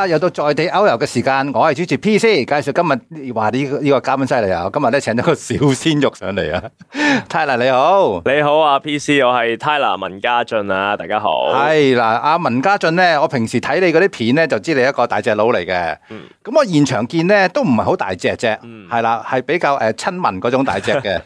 啊！又到在地歐遊嘅時間，我係主持 PC 介紹今日話呢呢個嘉賓犀利啊！我今日咧請咗個小鮮肉上嚟啊！Tyler 你好，你好啊 PC，我係 Tyler 文家浚啊，大家好。係啦，阿文家浚咧，我平時睇你嗰啲片咧，就知你一個大隻佬嚟嘅。咁、嗯、我現場見咧都唔係好大隻啫。嗯，係啦，係比較誒親民嗰種大隻嘅，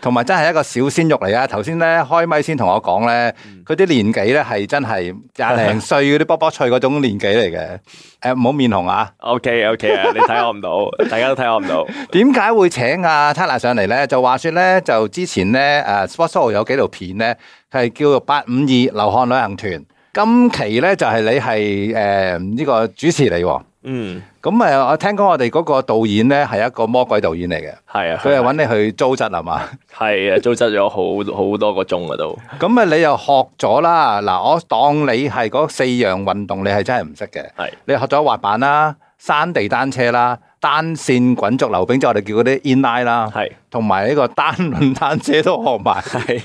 同埋 真係一個小鮮肉嚟啊！頭先咧開咪先同我講咧，佢啲、嗯、年紀咧係真係廿零歲嗰啲卜卜脆嗰種年紀嚟嘅。 誒，唔好面紅啊！OK，OK 啊，okay, okay，你睇我唔到， 大家都睇我唔到。點解 會請阿、啊、Tyler 上嚟咧？就話說咧，就之前咧，誒、uh,，Sportsoho 有幾條片咧，係叫做八五二流汗旅行團。今期咧就係你係誒呢個主持嚟、啊。嗯，咁啊，我聽講我哋嗰個導演咧，係一個魔鬼導演嚟嘅。係啊，佢係揾你去租質係嘛，係啊，租質咗好好 多個鐘啊都，咁啊，你又學咗啦，嗱，我當你係嗰四樣運動你係真係唔識嘅，係、啊，你學咗滑板啦，山地單車啦。單線滾軸溜冰即係、就是、我哋叫嗰啲 in line 啦是，係同埋呢個單輪單車都學埋。係呢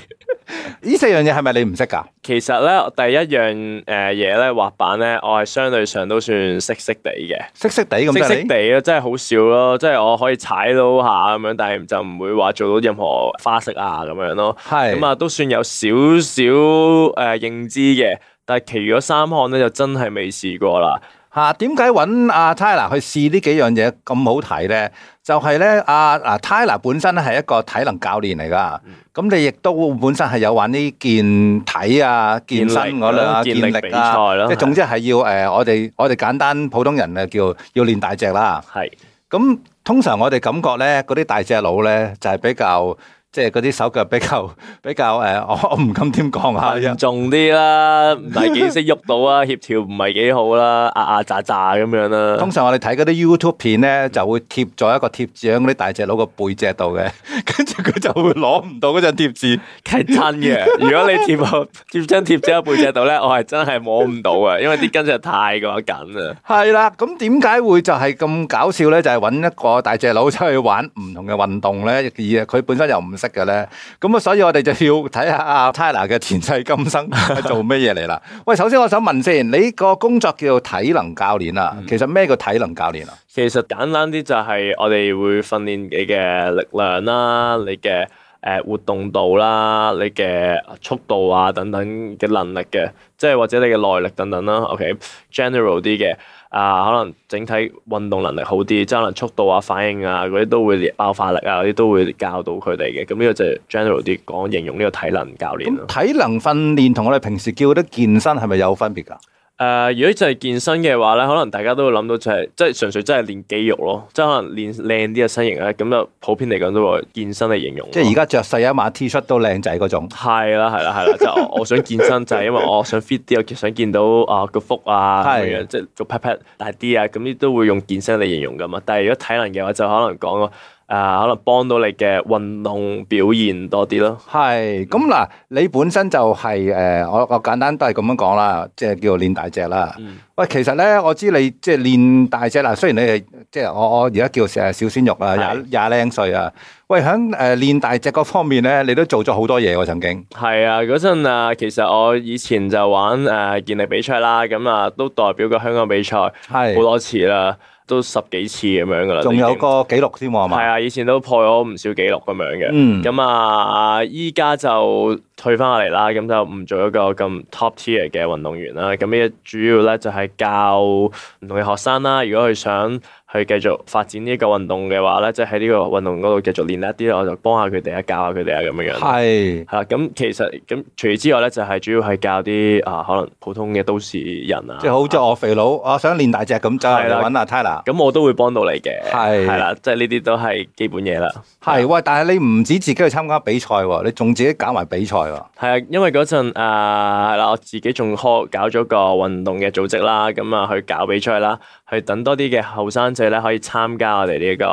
是 四樣嘢係咪你唔識㗎？其實咧第一樣誒嘢咧滑板咧，我係相對上都算識識地嘅。識識地咁識識地咯，真係好少咯。即係我可以踩到下咁樣，但係就唔會話做到任何花式啊咁樣咯。係咁啊，都算有少少誒、呃、認知嘅。但係其餘嗰三項咧就真係未試過啦。吓，點解揾阿 Tyler 去試呢幾樣嘢咁好睇咧？就係、是、咧，阿嗱 Tyler 本身咧係一個體能教練嚟噶。咁、嗯、你亦都本身係有玩呢健體啊、健身嗰類、啊、健力，啊、健力啊，即係的總之係要誒、呃，我哋我哋簡單普通人嘅叫要練大隻啦。係的，咁通常我哋感覺咧，嗰啲大隻佬咧就係、是、比較。即係嗰啲手腳比較比較誒、呃，我我唔敢點講吓，笨重啲啦，唔係幾識喐到啊，協調唔係幾好啦、啊，壓壓炸炸咁樣啦。通常我哋睇嗰啲 YouTube 片咧，就會貼咗一個貼紙喺嗰啲大隻佬個背脊度嘅，跟住佢就會攞唔到嗰張貼紙係真嘅。如果你貼張貼紙貼喺背脊度咧，我係真係摸唔到啊，因為啲筋就太過緊啊。係啦， 咁點解會就係咁搞笑咧？就係、是、搵一個大隻佬出去玩唔同嘅運動咧，而佢本身又唔。識嘅咧，咁啊，所以我哋就要睇下 Tyler 嘅前世今生做咩嘢，嚟啦。喂，首先我想問先，你個工作叫做體能教練啊？其實咩叫體能教練啊？其實簡單啲就係我哋會訓練你嘅力量啦，你嘅誒活動度啦，你嘅速度啊等等嘅能力嘅，即係或者你嘅耐力等等啦。OK，general，okay? 啲嘅。啊，可能整體運動能力好啲，即係可能速度啊、反應啊嗰啲、都會爆發力啊嗰啲都會教到佢哋嘅。咁呢個就係 general 啲講，形容呢個體能教練咯、啊。體能訓練同我哋平時叫啲健身係咪有分別㗎？誒，uh, 如果就係健身嘅話咧，可能大家都會諗到就係、係，即係純粹真係練肌肉咯，即係可能練靚啲嘅身形咧，咁就普遍嚟講都會健身嚟形容。即係而家着細一碼 T 恤都靚仔嗰種。係啦， 係啦，係啦，就我，我想健身就係因為我想 fit 啲，我想見到啊、呃、個腹啊，即係的的做 pat pat 大啲啊，咁呢都會用健身嚟形容噶嘛。但係如果體能嘅話，就可能講。啊，可能幫到你嘅運動表現多啲咯。係，咁嗱，你本身就係、是、誒，我我簡單都係咁樣講啦，即係叫做練大隻啦。喂、嗯，其實咧，我知你即係練大隻啦。雖然你係即係我我而家叫成日小鮮肉啊，廿廿零歲啊。喂，喺誒練大隻嗰方面咧，你都做咗好多嘢喎，曾經。係啊，嗰陣啊，其實我以前就玩誒健力比賽啦，咁啊都代表過香港比賽好多次啦。都十幾次咁樣噶啦，仲有個記錄添喎，係嘛？係啊，以前都破咗唔少記錄咁樣嘅。咁、嗯、啊，依家就退翻落嚟啦，咁就唔做一個咁 top tier 嘅運動員啦。咁咧、嗯、主要咧就係教唔同嘅學生啦。如果佢想去繼續發展呢個運動嘅話咧，即係喺呢個運動嗰度繼續練一啲我就幫下佢哋啊，教下佢哋啊，咁樣樣。係，係啦，咁其實咁除咗之外咧，就係、是、主要係教啲啊可能普通嘅都市人啊，即係好似我肥佬，我想練大隻咁就去揾阿 Tyler 咁我都會幫到你嘅。係，係啦，即係呢啲都係基本嘢啦。係，喂，但係你唔止自己去參加比賽喎，你仲自己搞埋比賽喎。係啊，因為嗰陣啊係啦，我自己仲開搞咗個運動嘅組織啦，咁啊去搞比賽啦，去等多啲嘅後生。所以咧，可以參加我哋呢個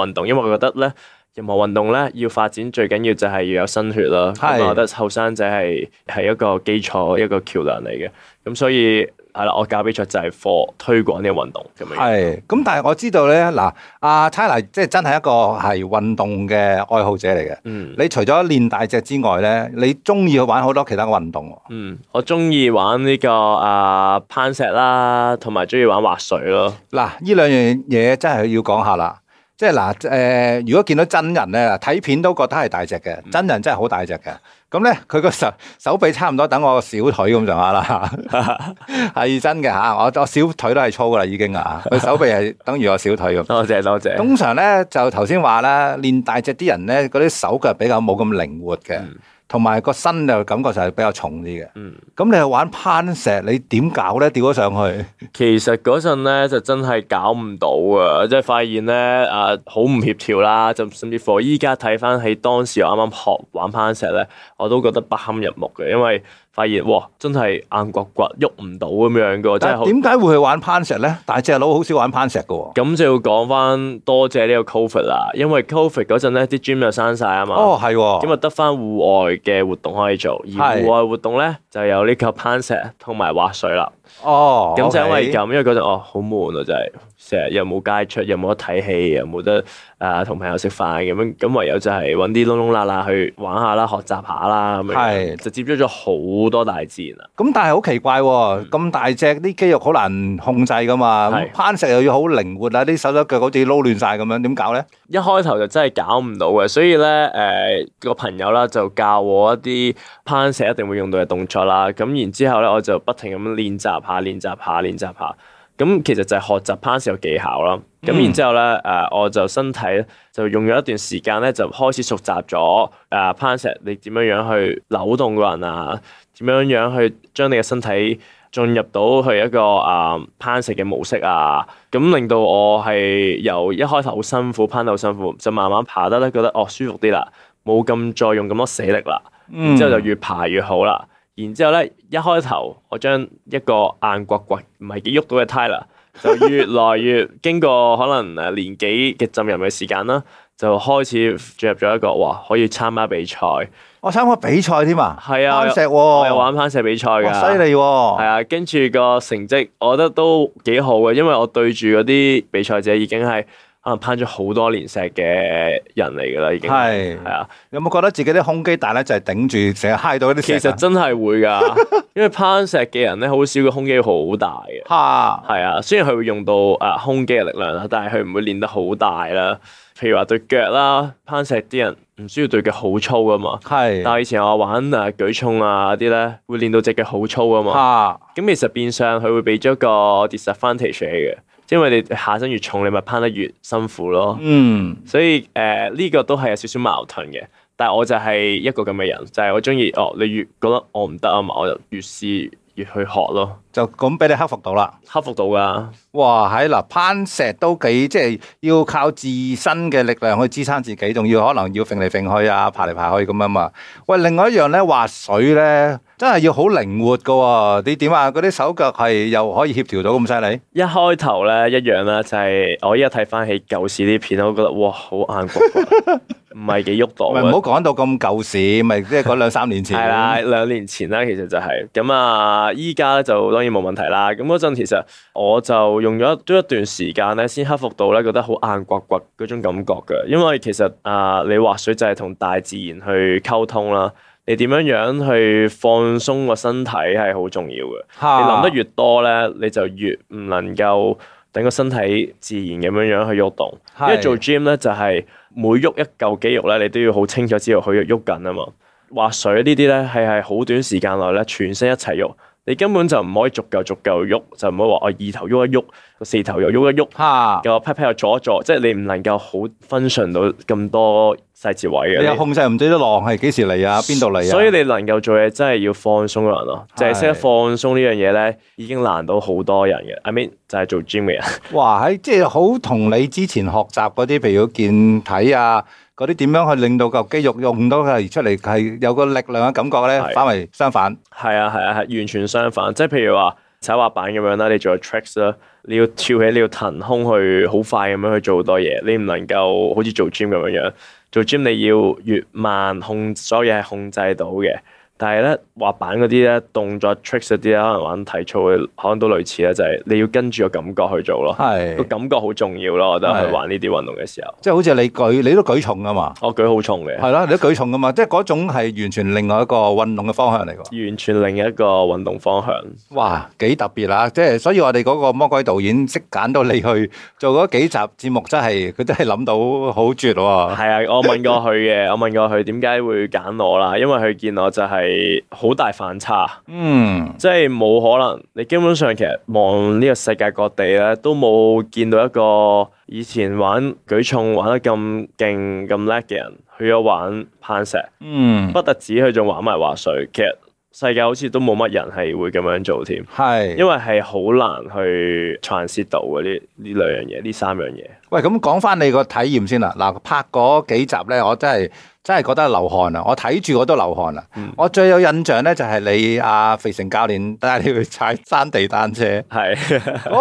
運動，因為我覺得咧，任何運動咧，要發展最緊要就係要有新血咯。咁是的、嗯、我覺得後生仔係係一個基礎、一個橋樑嚟嘅，咁、嗯、所以。係啦，我教俾出就係 for 推廣呢個運動咁樣。係，咁但係我知道咧，嗱，阿 Tyler 即係真係一個係運動嘅愛好者嚟嘅。嗯，你除咗練大隻之外咧，你中意去玩好多其他運動。嗯，我中意玩呢個啊攀石啦，同埋中意玩滑水咯。嗱，呢兩樣嘢真係要講下啦。即係嗱，誒、呃，如果見到真人咧，睇片都覺得係大隻嘅，真人真係好大隻嘅。咁咧，佢個手手臂差唔多等我個小腿咁上下啦，係 真嘅嚇。我我小腿都係粗噶啦，已經啊，佢手臂係等於我小腿咁。 多謝多謝。通常咧就頭先話啦，練大隻啲人咧，嗰啲手腳比較冇咁靈活嘅。嗯同埋個身就感覺就係比較重啲嘅。嗯，咁你去玩攀石，你點搞咧？掉咗上去？其實嗰陣咧就真係搞唔到啊！即係發現咧誒好唔協調啦，就甚至乎依家睇翻起當時我啱啱學玩攀石咧，我都覺得不堪入目嘅，因為。發現哇，真係硬掘掘，喐唔到咁樣嘅，但 真係點解會去玩攀石咧？但係大隻佬好少玩攀石嘅。哦。咁就要講翻多謝呢個 Covid 啦，因為 Covid 嗰陣咧，啲 gym 就閂晒啊嘛。哦，係。咁啊，得翻戶外嘅活動可以做，而戶外活動咧。就有呢個攀石同埋滑水啦，oh, okay.。哦，咁就因為咁，因為嗰陣哦好悶啊，就係成日又冇街出，又冇得睇戲，又冇得誒同朋友食飯咁樣，咁唯有就係搵啲窿窿罅罅去玩下啦，學習下啦。咁係，是就接觸咗好多大自然啊。咁但係好奇怪喎，咁大隻啲肌肉好難控制㗎嘛。是攀石又要好靈活啊，啲手手腳好似撈亂晒。咁樣，點搞咧？一開頭就真係搞唔到嘅，所以咧誒個朋友啦就教我一啲攀石一定會用到嘅動作。啦，咁然之後咧，我就不停咁練習下、練習下、練習下，咁其實就係學習攀石嘅技巧咯。咁、嗯、然之後咧，誒，我就身體咧就用咗一段時間咧，就開始熟習咗誒攀石，你點樣樣去扭動個人啊？點樣樣去將你嘅身體進入到去一個誒攀石嘅模式啊？咁令到我係由一開頭好辛苦，攀得好辛苦，就慢慢爬得咧，覺得哦舒服啲啦，冇咁再用咁多死力啦，之後就越爬越好啦。然之後咧，一開頭我將一個硬掘掘唔係幾喐到嘅 Tyler 就越嚟越經過可能誒年紀嘅浸入嘅時間啦，就開始進入咗一個哇可以參加比賽，我、哦、參加比賽添啊，係、哦、啊，攀石，又玩攀石比賽嘅，犀利喎，係啊，跟住個成績我覺得都幾好嘅，因為我對住嗰啲比賽者已經係。啊！攀咗好多年石嘅人嚟噶啦，已經係係啊！有冇覺得自己啲胸肌大咧？就係頂住成日 high 到啲。其實真係會噶， 因為攀石嘅人咧，好少個胸肌好大嘅。哈，係啊。雖然佢會用到誒、呃、胸肌嘅力量啦，但係佢唔會練得好大啦。譬如話對腳啦，攀石啲人唔需要對腳好粗噶嘛。係。 但係以前我玩誒、啊、舉重啊啲咧，會練到隻腳好粗噶嘛。咁 其實變相佢會俾咗個 disadvantage 嘅。因為你下身越重，你咪攀得越辛苦咯。嗯，所以誒呢、呃這個都係有少少矛盾嘅。但係我就係一個咁嘅人，就係、是、我中意哦。你越覺得我唔得啊嘛，我就越試越去學咯。就咁俾你克服到啦。克服到㗎。哇，喺嗱，攀石都幾，即係要靠自身嘅力量去支撐自己，仲要可能要揈嚟揈去啊，爬嚟爬去咁啊嘛。喂，另外一樣咧，滑水咧。真係要好靈活噶、哦，你點啊？嗰啲手腳係又可以協調到咁犀利？一開頭咧，一樣啦，就係、是、我依家睇翻起舊時啲片，我覺得哇，好硬骨，唔係幾喐到。唔好講到咁舊時，咪即係講兩三年前，係啦、 啊，兩年前啦，其實就係、是、咁啊。依家就當然冇問題啦。咁嗰陣其實我就用咗一都一段時間咧，先克服到咧，覺得好硬骨骨嗰種感覺噶。因為其實啊，你滑水就係同大自然去溝通啦。你點樣樣去放鬆個身體係好重要嘅。哈你諗得越多咧，你就越唔能夠等個身體自然咁樣樣去喐動，動。是因為做 gym 咧就係、是、每喐一嚿肌肉咧，你都要好清楚知道佢喐緊啊嘛。滑水呢啲咧係係好短時間內咧，全身一齊喐。你根本就唔可以逐嚿逐嚿喐，就唔好話我二頭喐一喐，四頭又喐一喐，個 pat pat、啊、又做一做，即係你唔能夠好 function 到咁多細節位嘅。你又控制唔到啲浪係幾時嚟啊？邊度嚟啊？所以你能夠做嘢真係要放鬆人咯，淨係識得放鬆呢樣嘢咧，已經難到好多人嘅。I mean 就係做 gym 嘅人。哇，喺即係好同你之前學習嗰啲，譬如健體啊。嗰啲點樣去令到嚿肌肉用到佢而出嚟係有個力量嘅感覺咧？啊、反為相反，係啊，係啊，係完全相反。即係譬如話踩滑板咁樣啦，你做 tricks 啦，你要跳起，你要騰空去好快咁樣去做好多嘢，你唔能夠好似做 gym 咁樣樣。做 gym 你要越慢控，所有嘢係控制到嘅。但係咧，滑板嗰啲咧動作 tricks 啲可能玩體操嘅可能都類似咧，就係、是、你要跟住個感覺去做咯。係是個感覺好重要咯，我覺得係玩呢啲運動嘅時候。即係好似你舉，你都舉重噶嘛？我、哦、舉好重嘅。係咯，你都舉重噶嘛？即係嗰種係完全另外一個運動嘅方向嚟喎。 完全另一個運動方向。哇，幾特別啊！即係所以我哋嗰個魔鬼導演識揀到你去做嗰幾集節目，真係佢真係諗到好絕喎、啊。係 啊，我問過佢嘅，我問過佢點解會揀我啦？因為佢見我就係、是。係好大反差，嗯，即係冇可能。你基本上其實望呢個世界各地咧，都冇見到一個以前玩舉重玩得咁勁咁叻嘅人，去咗玩攀石，嗯，不得止佢仲玩埋滑水。其實世界好似都冇乜人係會咁樣做添，係是因為係好難去嘗試到嘅啲呢兩樣嘢，呢三樣嘢。喂，咁講翻你個體驗先啦，嗱，拍嗰幾集咧，我真係。真係覺得流汗啊！我睇住我都流汗啊！嗯、我最有印象咧就係你阿、啊、肥成教練帶你去踩山地單車，係嗰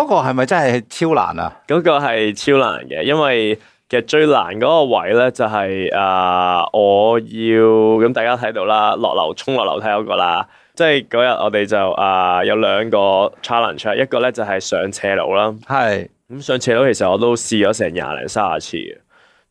是 個係咪真係超難啊？嗰 個係超難嘅，因為其實最難嗰個位咧就係、是、啊、呃，我要咁大家睇到啦，落樓衝落樓梯嗰個啦，即係嗰日我哋就啊、呃、有兩個 challenge，一個咧就係上斜路啦，係咁是 上斜路其實我都試咗成廿零卅次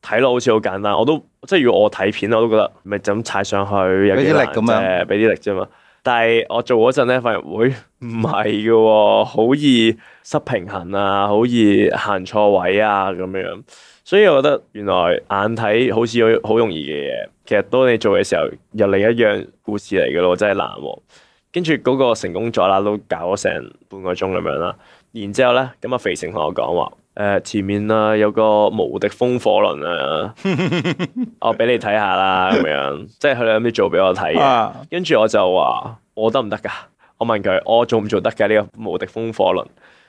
睇落好似好簡單，我都即係如果我睇片我都覺得，咪就咁踩上去，有啲力咁樣，俾啲力啫嘛。但係我做嗰陣咧，反而會唔係嘅，好易失平衡啊，好易行錯位啊咁樣。所以我覺得原來眼睇好似好容易嘅嘢，其實當你做嘅時候，又另一樣故事嚟嘅咯，真係難。跟住嗰個成功咗啦，都搞咗成半個鐘咁樣啦。嗯然之後咧，咁啊肥成同我講話，誒、呃、前面啊有個無敵風火輪啊， 我俾你睇下啦，啊，咁樣，即係佢諗住做俾我睇嘅，跟住我就話我得唔得噶？我問佢，我做唔做得噶呢、這個無敵風火輪？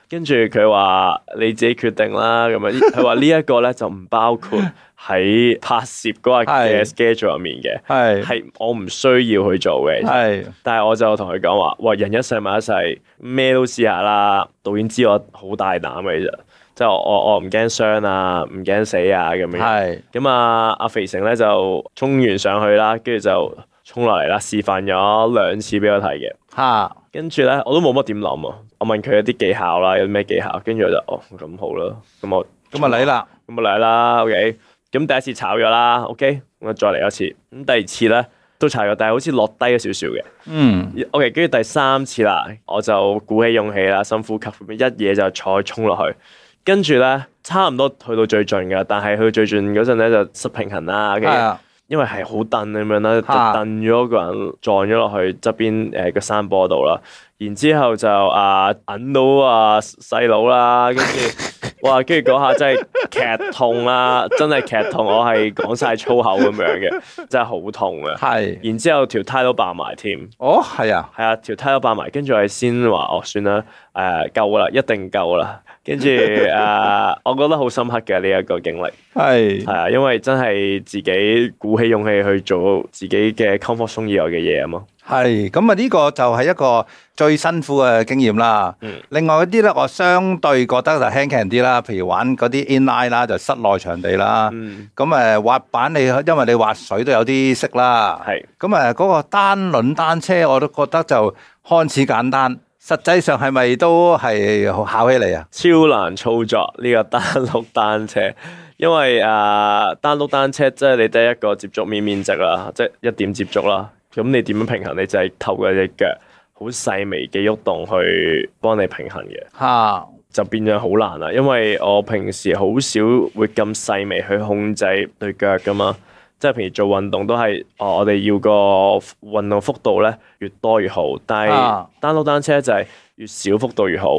跟住佢話你自己決定啦，咁樣佢話呢一個咧就唔包括喺拍攝嗰日嘅 schedule 入面嘅，係 我唔需要去做嘅。係， 但係我就同佢講話，哇！人一世物一世，咩都試下啦。導演知我好大膽嘅啫，即係我我唔驚傷啊，唔驚死啊咁樣。係咁 啊，阿肥成咧就衝完上去啦，跟住就衝落嚟啦，示範咗兩次俾我睇嘅。吓，跟住咧我都冇乜點諗啊。我問佢一啲技巧啦，有啲咩技巧？跟住我就哦咁好啦，咁我咁啊嚟啦，咁啊嚟啦，OK。咁第一次炒咗啦，OK。咁啊再嚟一次，咁第二次咧都炒咗，但係好似落低咗少少嘅。嗯，OK。跟住第三次啦，我就鼓起勇氣啦，深呼吸，一嘢就坐衝落去，跟住咧差唔多去到最盡噶，但係去到最盡嗰陣咧就失平衡啦。係、okay? 啊，因為係好凳咁樣就蹬咗個人撞咗落去側邊誒個山坡度啦。然之後就啊揞到啊細佬啦，跟、uh, 住、uh, 哇，跟住嗰下真係劇痛啦，真係劇痛，我係講晒粗口咁樣嘅，真係好痛啊。係是。然之後條胎都爆埋添。哦，係啊，係啊、嗯，條胎都爆埋，跟住我先話，哦，算啦，誒、呃，夠啦，一定夠啦。跟住誒，我覺得好深刻嘅呢一個經歷。係是。係啊，因為真係自己鼓起勇氣去做自己嘅 comfort zone 以外嘅嘢啊嘛。係咁啊！呢、這個就係一個最辛苦嘅經驗啦。嗯、另外一啲咧，我相對覺得就輕強啲啦。譬如玩嗰啲 inline 啦，line, 就室內場地啦。咁誒、嗯嗯，滑板你因為你滑水都有啲識啦。係咁啊，嗰、嗯，那個單輪單車我都覺得就看似簡單，實際上係咪都係考起嚟啊？超難操作呢、這個單轆單車，因為誒、uh, 單轆單車即係你得一個接觸面面積啦，即、就、係、是、一點接觸啦。咁你點樣平衡？你就係透過隻腳好細微嘅喐動去幫你平衡嘅，嚇哈 就變咗好難啦。因為我平時好少會咁細微去控制對腳㗎嘛，即、就、係、是、平時做運動都係、哦、我哋要個運動幅度咧越多越好，但係單碌單車就係越少幅度越好，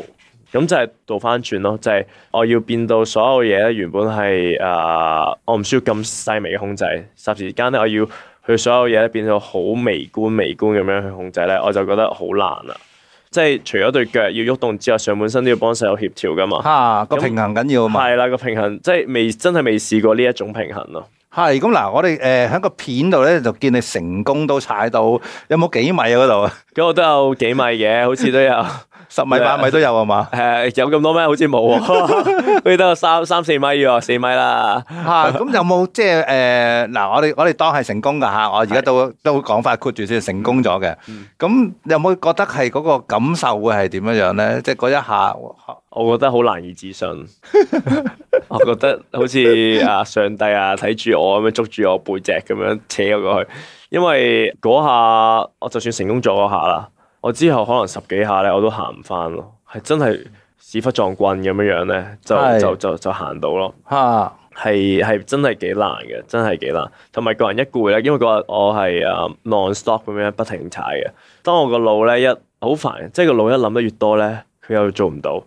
咁就係倒返轉囉，就係、是、我要變到所有嘢咧原本係啊、呃、我唔需要咁細微嘅控制，霎時間咧我要。佢所有嘢咧變咗好微觀微觀咁樣去控制咧，我就覺得好難啊！即係除咗對腳要喐動，動之外，上半身都要幫手有協調噶嘛。嚇、啊，個平衡緊要啊嘛。係啦、嗯，個平衡即係未真係未試過呢一種平衡咯。係咁嗱，我哋誒喺個片度咧就見你成功都踩到有冇幾米嗰度啊？嗰度 都有幾米嘅，好似都有。 十米八米都有啊嘛？誒、嗯，吧有咁多咩？好似冇，佢都有三三四米喎，四米啦。吓、 啊，咁有冇即係誒？嗱、就是呃，我哋我哋當係成功噶吓，我而家都都講法括住先成功咗嘅。咁、嗯、有冇覺得係嗰個感受會係點樣咧？即係嗰一下，我我覺得好難以置信。 我覺得好似啊，上帝啊，睇住我咁樣捉住我背脊咁樣扯咗過去，因為嗰下我就算成功咗嗰下啦。我之後可能十幾下咧，我都行唔翻咯，係真係屎忽撞棍咁樣樣咧，就是就就就行到咯。嚇係係真係幾難嘅，真係幾難。同埋個人一攰咧，因為嗰日我係啊、uh, non stop 咁樣不停踩嘅。當我個腦咧一好煩，即係個腦一諗得越多咧，佢又做唔到，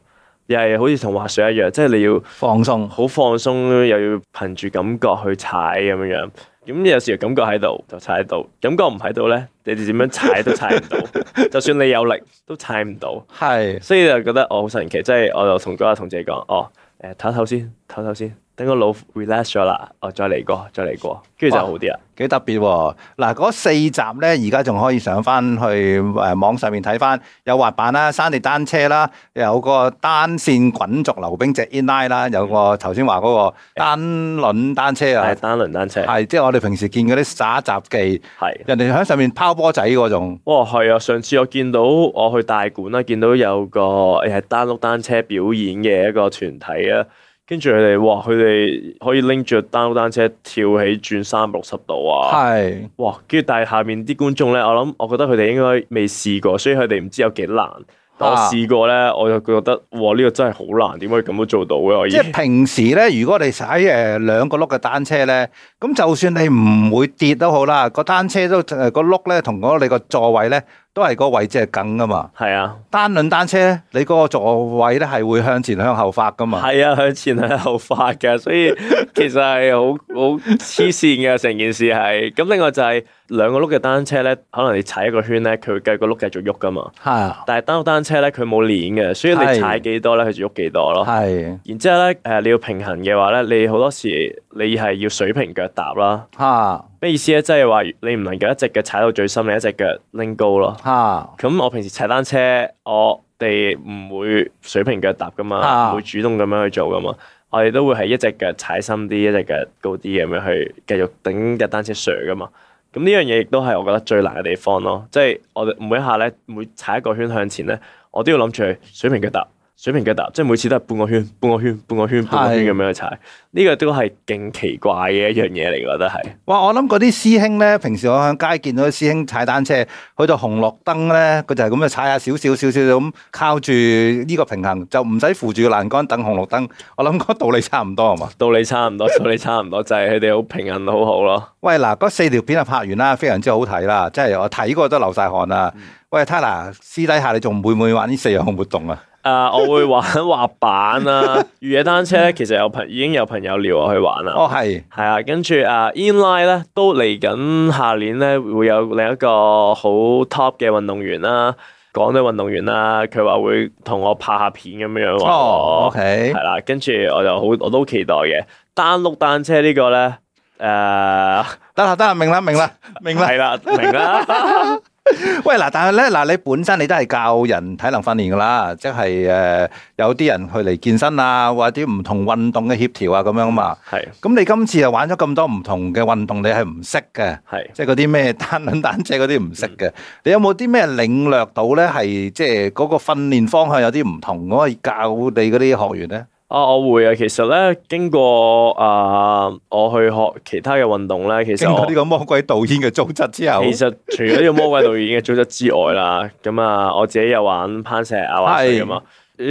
又係好似同滑雪一樣，即係你要放鬆，好放鬆鬆，又要憑住感覺去踩咁樣。咁有時感覺喺度就踩到，感覺唔喺度咧，你哋點樣踩都踩唔到， 就算你有力都踩唔到。係， 所以就覺得我好神奇，即係我就同嗰個同志講，哦，誒、呃，唞唞先，唞唞先。你個腦 relax 咗啦，哦，再嚟過，再嚟過，跟住就好啲啦，幾特別嗱，嗰四集咧，而家仲可以上翻去誒網上面睇翻，有滑板啦，山地單車啦，有個單綫滾軸溜冰直 in line 啦，有個頭先話嗰個單輪單車啊的，單輪單車係，即係我哋平時見嗰啲耍雜技係，的人哋喺上面拋波仔嗰種，哦，係啊，上次我見到我去大館啦，見到有個誒單碌單車表演嘅一個團體啊。跟住佢哋，哇！佢哋可以拎住單單車跳起轉三百六十度啊！係哇！跟住但係下面啲觀眾咧，我諗我覺得佢哋應該未試過，所以佢哋唔知有幾難。我試過咧，我就覺得哇！呢個真係好難，點可以咁樣做到嘅？我即係平時咧，如果你踩誒兩個轆嘅單車咧，咁就算你唔會跌都好啦，個單車都誒個轆咧同你個座位咧都係個位置係梗噶嘛。係啊，單輪單車咧，你個座位咧係會向前向後發噶嘛。係啊，向前向後發㗎，所以其實係好好黐線嘅，成件事係。咁另外就係、是。兩個轆嘅單車咧，可能你踩一個圈咧，佢會繼續轆繼續喐噶嘛。係。但係單轆單車咧，佢冇鏈嘅，所以你踩幾多咧，佢就喐幾多咯。係。然之後咧，誒你要平衡嘅話咧，你好多時你係要水平腳踏啦。嚇。咩意思咧？即係話你唔能夠一隻腳踩到最深，你一隻腳拎高咯。嚇。咁我平時踩單車，我哋唔會水平腳踏噶嘛，唔會主動咁樣去做噶嘛。我哋都會係一隻腳踩深啲，一隻腳高啲咁樣去繼續頂架單車上噶嘛。咁呢樣嘢亦都係我覺得最難嘅地方咯，即係我每一下咧，每踩一個圈向前咧，我都要諗住去水平腳踏。水平腳踏，即係每次都係半個圈、半個圈、半個圈、半個圈咁樣去踩。呢個都係勁奇怪嘅一樣嘢嚟，覺得係。哇！我諗嗰啲師兄咧，平時我喺街見到師兄踩單車，去到紅綠燈咧，佢就係咁樣踩下少少少少咁，靠住呢個平衡，就唔使扶住個欄杆等紅綠燈。我諗嗰道理差唔多，係嘛？道理差唔多， 道理差唔多，就係佢哋好平衡好，好好咯。喂，嗱，嗰四條片啊拍完啦，非常之好睇啦，即係我睇過都流晒汗啊！嗯、喂，Tyler，私底下你仲會唔會玩呢四樣活動啊？ 誒， uh, 我會玩滑板啊，越野 單車咧，其實有朋已經有朋友撩我去玩啦。哦，係，係啊，跟住誒，inline 咧都嚟緊下年咧會有另一個好 top 嘅運動員啦，港隊運動員啦，佢話會同我拍下片咁樣樣。哦，OK，係啦，跟住我就好，我都期待嘅單碌單車，單車個呢個咧，誒、呃，得啦， 得啦，明啦，明啦，明啦，係啦，明啦。喂嗱，但係咧嗱，你本身你都係教人體能訓練噶啦，即係誒有啲人去嚟健身啊，或者唔同運動嘅協調啊咁樣嘛。係。咁你今次又玩咗咁多唔同嘅運動，你係唔識嘅。係是的。即係嗰啲咩單輪單車嗰啲唔識嘅。你有冇啲咩領略到咧？係即係嗰個訓練方向有啲唔同咁去教你嗰啲學員咧？啊！我會啊，其實咧經過啊、呃，我去學其他嘅運動咧，其實我經過呢個魔鬼導演嘅組織之後， 其實除咗呢個魔鬼導演嘅組織之外啦，咁啊，我自己有玩攀石、啊、滑水咁啊，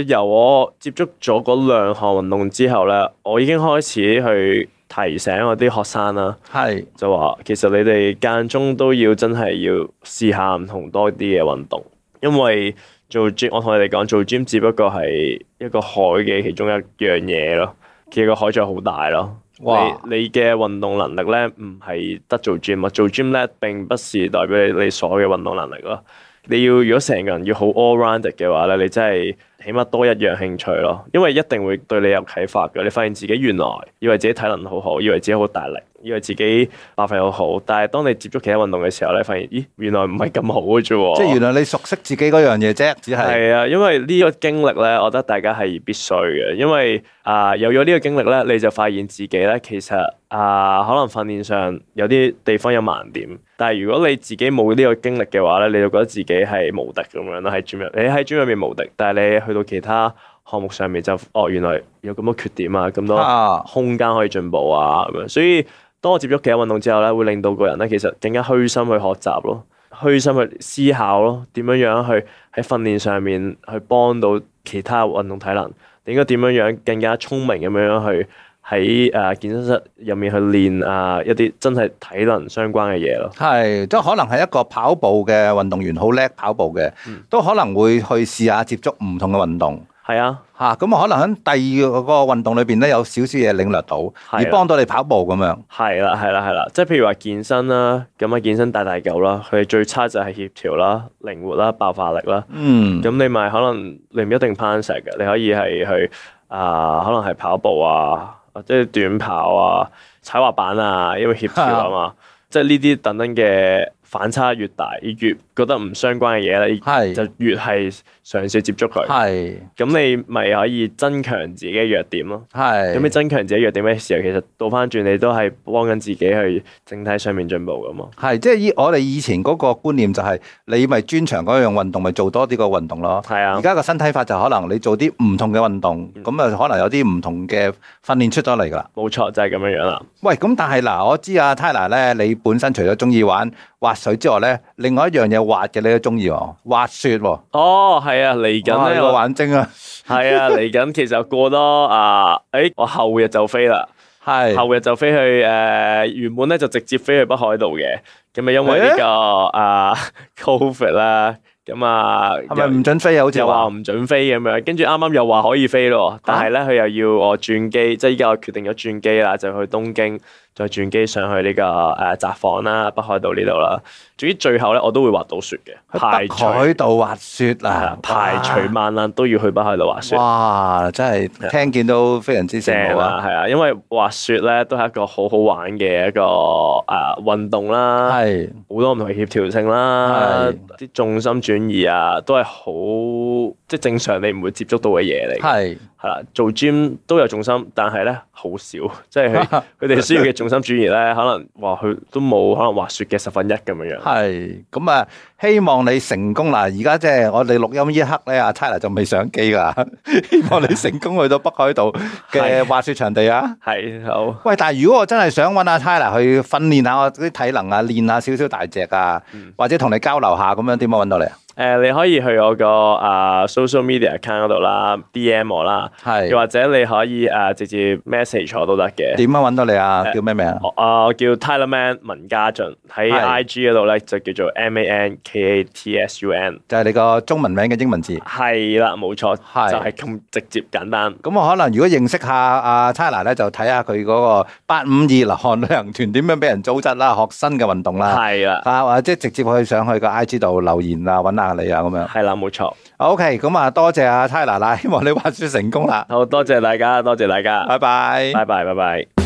由我接觸咗嗰兩項運動之後咧，我已經開始去提醒我啲學生啦，是就話其實你哋間中都要真係要試下唔同多啲嘅運動，因為。做 gym，我同你哋講做 gym 只不過係一個海嘅其中一樣嘢咯。其實個海就好大咯。哇你嘅運動能力咧唔係得做 gym 啊，做 gym 咧並不是代表你你所有嘅運動能力咯。你要如果成個人要好 all round 嘅話咧，你真係起碼多一樣興趣咯，因為一定會對你有啟發嘅。你發現自己原來以為自己體能好好，以為自己好大力。以為自己發揮好好，但係當你接觸其他運動嘅時候咧，發現咦，原來唔係咁好嘅啫。即係 原來你熟悉自己嗰樣嘢啫，只係係 啊，因為呢個經歷咧，我覺得大家係必須嘅，因為啊、呃，有咗呢個經歷咧，你就發現自己咧，其實啊、呃，可能訓練上有啲地方有盲點。但係如果你自己冇呢個經歷嘅話咧，你就覺得自己係無敵咁樣啦，喺 Gym，你喺 Gym 入面無敵，但係你去到其他項目上面就哦，原來有咁多缺點啊，咁多空間可以進步啊，咁樣，所以。當我接觸其他運動之後咧，會令到個人咧，其實更加虛心去學習咯，虛心去思考咯，點樣樣去喺訓練上面去幫到其他運動體能，應該點樣樣更加聰明咁樣樣去喺誒健身室入面去練啊一啲真係體能相關嘅嘢咯。係，即係可能係一個跑步嘅運動員好叻跑步嘅，都可能會去試下接觸唔同嘅運動。係啊，吓咁啊，可能喺第二嗰個運動裏邊咧，有少少嘢領略到，的而幫到你跑步咁樣。係啦，係啦，係啦，即係譬如話健身啦，咁啊健身大大嚿啦，佢最差就係協調啦、靈活啦、爆發力啦。嗯。咁你咪可能你唔一定攀石嘅，你可以係去啊、呃，可能係跑步啊，或者短跑啊、踩滑板啊，因為協調啊嘛，即係呢啲等等嘅反差越大，越覺得唔相關嘅嘢咧，的就越係。嘗試接觸佢，係咁的你咪可以增強自己嘅弱點咯。係咁的你增強自己弱點嘅時候，其實倒翻轉你都係幫緊自己去整體上面進步噶嘛。係即係以我哋以前嗰個觀念就係你咪專長嗰樣運動咪做多啲個運動咯。係啊的，而家個身體法就可能你做啲唔同嘅運動，咁啊、嗯、可能有啲唔同嘅訓練出咗嚟㗎啦。冇錯，就係、是、咁樣樣啦。喂，咁但係嗱，我知啊，Tyler 咧，你本身除咗中意玩滑水之外咧，另外一樣嘢滑嘅你都中意喎，滑雪喎。哦，係。係啊，嚟緊咧個玩精啊，係啊嚟緊，其實過多啊，誒、哎、我後日就飛啦，係是後日就飛去誒、啊、原本咧就直接飛去北海道嘅，咁咪因為呢、這個的啊 COVID 啦、啊，咁啊又唔准飛好似又話唔准飛咁樣，跟住啱啱又話可以飛咯，但係咧佢又要我轉機，啊、即係依家我決定咗轉機啦，就去東京。再轉機上去呢、呢個誒札、呃、幌啦，北海道呢度啦。至於最後咧，我都會滑到雪嘅。排北海道滑雪啊，對哇排除萬難，都要去北海道滑雪。哇！真係聽見都非常之正啊，啊對，因為滑雪咧都係一個好好玩嘅一個誒、啊、運動啦，係好的多唔同協調性啦，啲的的重心轉移啊，都係好即係正常你唔會接觸到嘅嘢嚟，係係啦。做 gym 都有重心，但係咧好少，即係佢佢哋需要嘅重心。 心主義咧，可能話佢都冇可能滑雪嘅十分一咁樣樣。係咁啊！希望你成功啦！而家即係我哋錄音呢刻咧，阿、啊、Tyler 就未上機噶。希望你成功去到北海道嘅滑雪場地啊！係好。喂，但係如果我真係想揾阿、啊、Tyler 去訓練下我啲體能啊，練下少少大隻啊，嗯、或者同你交流下咁樣，點樣揾到你？啊？誒，你可以去我個啊、呃、social media account 度啦，DM 我啦，係又是或者你可以誒、呃、直接 message 我都得嘅。點樣揾到你啊？呃、叫咩名啊？我叫 Tyler Man 文家浚喺 IG 度咧，就叫做 M A N。K A T S U N 就係你個中文名嘅英文字，係啦，冇錯，係的就係咁直接簡單。咁我可能如果認識下阿 Tyler 咧，就睇下佢嗰個八五二流汗旅行團點樣俾人組織啦、啊，學新嘅運動啦，係啦的，啊或者直接去上去個 I G 度留言啊，搵下你啊，咁樣，係啦，冇錯。OK，咁啊多謝阿 Tyler 啦，希望你滑雪成功啦。好多謝大家，多謝大家，拜拜，拜拜，拜拜，拜拜。